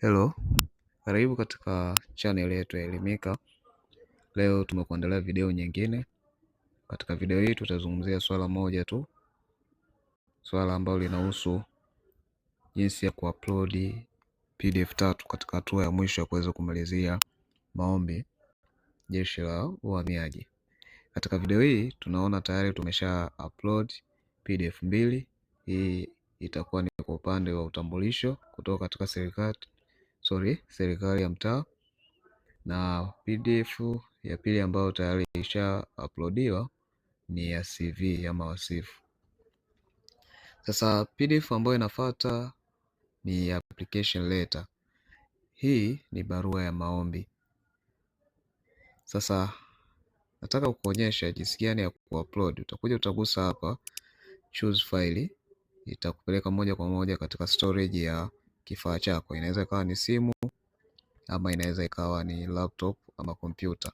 Hello, karibu katika channel yetu ya Elimika. Leo tumekuandalia video nyingine. Katika video hii tutazungumzia swala moja tu, swala ambalo linahusu jinsi ya kuupload PDF tatu katika hatua ya mwisho ya kuweza kumalizia maombi Jeshi la Uhamiaji. Katika video hii tunaona tayari tumesha upload PDF mbili. Hii itakuwa ni kwa upande wa utambulisho kutoka katika serikali sorry, serikali ya mtaa na pdf ya pili ambayo tayari isha uploadiwa ni ya CV ya mawasifu. Sasa pdf ambayo inafuata ni application letter. Hii ni barua ya maombi. Sasa nataka kukuonyesha jinsi gani ya kuupload. Utakuja utagusa hapa choose file, itakupeleka moja kwa moja katika storage ya kifaa chako. Inaweza ikawa ni simu ama inaweza ikawa ni laptop ama kompyuta.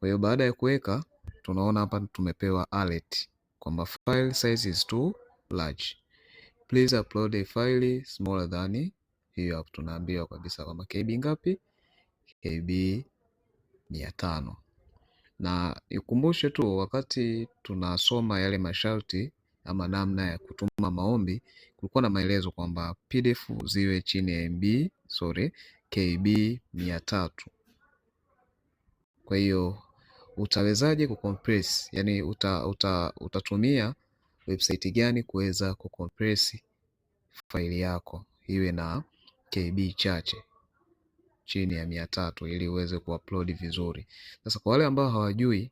Kwa hiyo baada ya kuweka, tunaona hapa tumepewa alert kwamba file size is too large, please upload a file smaller than. Hiyo hapo tunaambiwa kabisa kwamba KB ngapi? KB mia tano. Na ikumbushe tu wakati tunasoma yale masharti ama namna ya kutuma maombi, kulikuwa na maelezo kwamba PDF ziwe chini ya MB, sorry, KB mia tatu. Kwa hiyo utawezaje kucompress, yani uta, uta, utatumia website gani kuweza kucompress faili yako iwe na KB chache chini ya mia tatu ili uweze kuupload vizuri. Sasa kwa wale ambao hawajui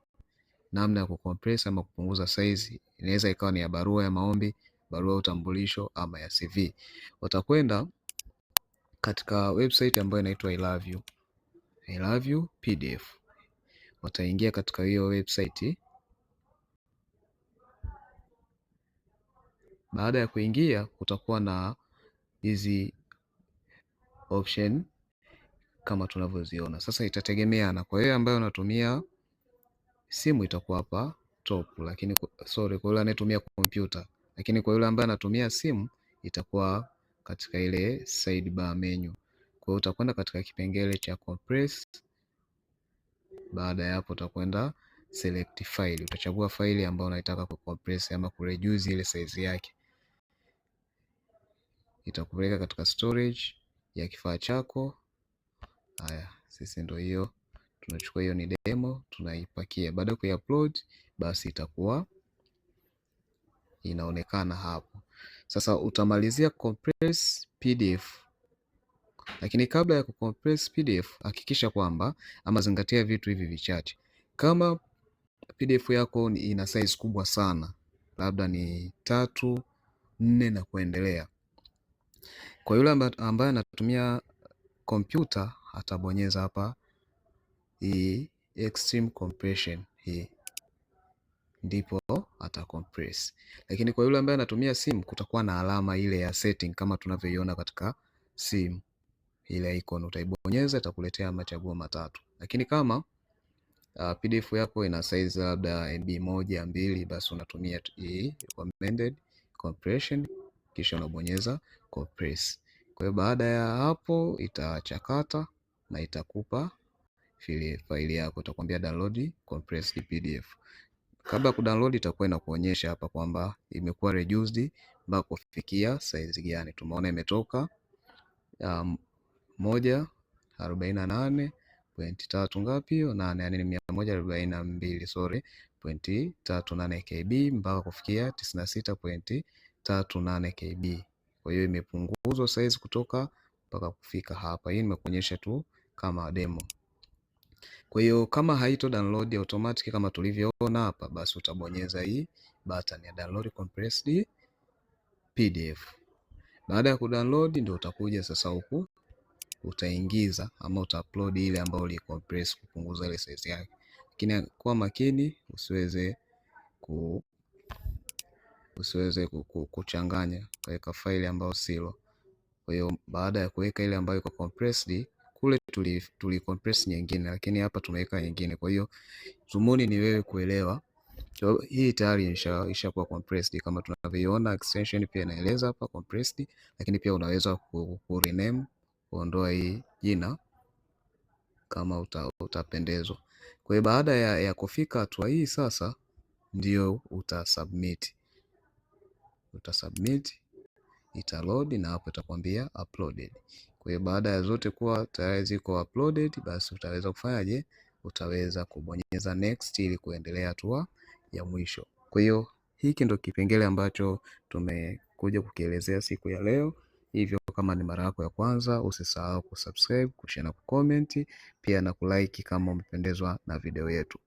namna ya kucompress ama kupunguza size Inaweza ikawa ni ya barua ya maombi, barua ya utambulisho ama ya CV. Utakwenda katika website ambayo inaitwa I love you. I love you PDF. Wataingia katika hiyo website. Baada ya kuingia, kutakuwa na hizi option kama tunavyoziona sasa, itategemeana. Kwa hiyo ambayo unatumia simu itakuwa hapa laptop, lakini sorry, kwa yule anayetumia kompyuta, lakini kwa yule ambaye anatumia simu itakuwa katika ile sidebar menu. Kwa hiyo utakwenda katika kipengele cha compress. Baada ya hapo utakwenda select file, utachagua faili ambayo unaitaka compress ama reduce ile size yake. Itakupeleka katika storage ya kifaa chako. Haya, sisi ndio hiyo tunachukua hiyo ni demo tunaipakia. Baada ya kuiupload, basi itakuwa inaonekana hapo. Sasa utamalizia compress PDF, lakini kabla ya kucompress PDF hakikisha kwamba ama zingatia vitu hivi vichache. Kama PDF yako ina size kubwa sana, labda ni tatu nne na kuendelea, kwa yule ambaye anatumia kompyuta atabonyeza hapa hii extreme compression hii ndipo ata compress, lakini kwa yule ambaye anatumia simu kutakuwa na alama ile ya setting kama tunavyoiona katika simu, ile icon utaibonyeza, itakuletea machaguo matatu. Lakini kama uh, ah, PDF yako ina size labda MB moja mbili, basi unatumia hii recommended compression, kisha unabonyeza compress. Kwa hiyo baada ya hapo itachakata na itakupa file faili yako, itakwambia download compressed PDF. Kabla ya kudownload itakuwa inakuonyesha hapa kwamba imekuwa reduced mpaka kufikia size gani. Tumeona imetoka um, moja arobaini na nane pointi tatu ngapi hiyo nane, yani mia moja arobaini na mbili sorry, point tatu nane kb mpaka kufikia tisini na sita pointi tatu nane kb. Kwa hiyo imepunguzwa size kutoka mpaka kufika hapa. Hii nimekuonyesha tu kama demo. Kwa hiyo kama haito download automatic kama tulivyoona hapa, basi utabonyeza hii button ya download compressed PDF. Baada ya kudownload ndio utakuja sasa huku utaingiza ama utaupload ile ambayo ulicompress kupunguza ile size yake. Lakini kwa makini usiweze ku usiweze kuchanganya kaweka faili ambayo silo. Kwa hiyo baada ya kuweka ile ambayo iko compressed kule tuli, tuli compress nyingine, lakini hapa tumeweka nyingine. Kwa hiyo tumuni ni wewe kuelewa so, hii tayari ishakuwa compressed kama tunavyoiona. Extension pia inaeleza hapa compressed, lakini pia unaweza ku, rename kuondoa hii jina kama uta, utapendezwa. Kwa hiyo baada ya, ya kufika hatua hii sasa ndio utasubmit, utasubmit load na hapo itakwambia uploaded. Kwa hiyo baada ya zote kuwa tayari ziko uploaded, basi utaweza kufanyaje? Utaweza kubonyeza next ili kuendelea hatua ya mwisho. Kwa hiyo hiki ndo kipengele ambacho tumekuja kukielezea siku ya leo. Hivyo kama ni mara yako ya kwanza, usisahau kusubscribe, kushare na kucomment, pia na kulike kama umependezwa na video yetu.